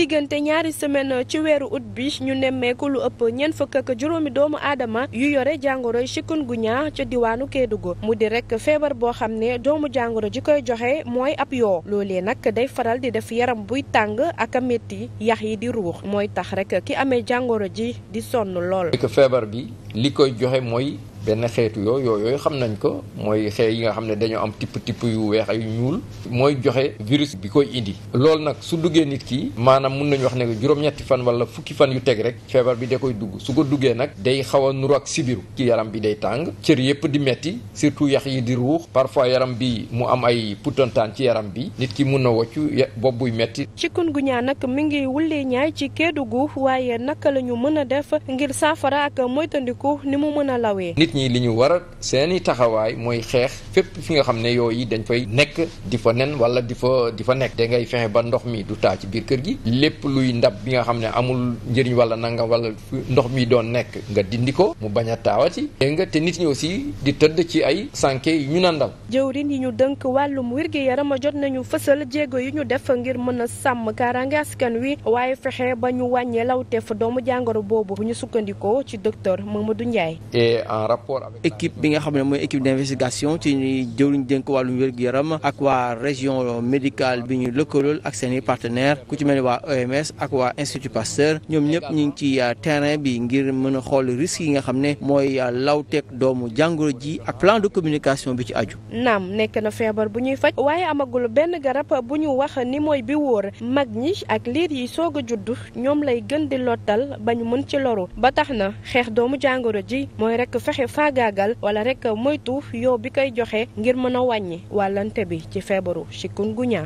diggante ñaari semaine ci weeru ut bi ñu nemmeeku lu ëpp ñeent fukk ak juróomi doomu aadama yu yore jàngoro gu ñaar ca diwaanu Kédougou mu di rek feebar boo xam ne doomu jàngoro ji koy joxe mooy ab yoo loolee nag day faral di def yaram buy tàng ak a métti yax yi di ruux mooy tax rek ki amee jàngoro ji di sonn lool. feebar bi li koy joxe mooy. benn xeetu la yooyu xam nañ ko mooy xee yi nga xam ne dañoo am tipp tipp yu weex ay ñuul mooy joxe virus bi koy indi loolu nag su duggee nit ki maanaam mun nañu wax ne juróom fan wala fukki fan yu teg rek feebar bi da koy dugg su ko duggee nag day xaw a nuru ak ci yaram bi day tàng cër yëpp di metti surtout yax yi di ruux parfois yaram bi mu am ay putantaan ci yaram bi nit ki mun na woccu bopp buy metti chikungunya nag mi ngi wullee ñaay ci Kédougou waaye naka la mën a def ngir saafara ak moytandiku ni mu mën a lawee jullit ñi li ñu war a seeni taxawaay mooy xeex fépp fi nga xam ne yooyu dañ fay nekk di fa nen wala di fa di fa nekk da ngay fexe ba ndox mi du taa ci biir kër gi lépp luy ndab bi nga xam ne amul njëriñ wala nanga wala ndox mi doon nekk nga dindi ko mu bañ a taawati dégg nga te nit ñi aussi di tëdd ci ay sànke yu ñu nandal jëwrin yi ñu dënk wàllum wérgi yaram jot nañu fësal jéego yi ñu def ngir mën a sàmm kaaraange askan wi waaye fexe ba ñu wàññee lawteef doomu jàngoro boobu bu ñu sukkandikoo ci docteur Mamadou Ndiaye rapport bi nga xam ne mooy équipe d' investigation ci ñuy jëwriñ dénk wàllu wér-gu-yaram ak waa région médicale bi ñu lëkkalool ak seen i partenaires ku ci mel ni waa OMS ak waa Institut Pasteur ñoom ñëpp ñu ngi ci euh, terrain bi ngir mën a xool risques yi nga xam ne mooy law euh, lawteeg doomu jàngoro ji ak plan de communication bi ci aju. naam nekk na feebar bu ñuy faj waaye amagul benn garab bu ñu wax ni mooy bi wóor mag ñi ak liir yi soog a judd ñoom lay gën di lottal ba ñu mën ci loru faagaagal wala rek moytu yow bi koy joxe ngir mën a wàññi wàllante bi ci feebaru chikungunya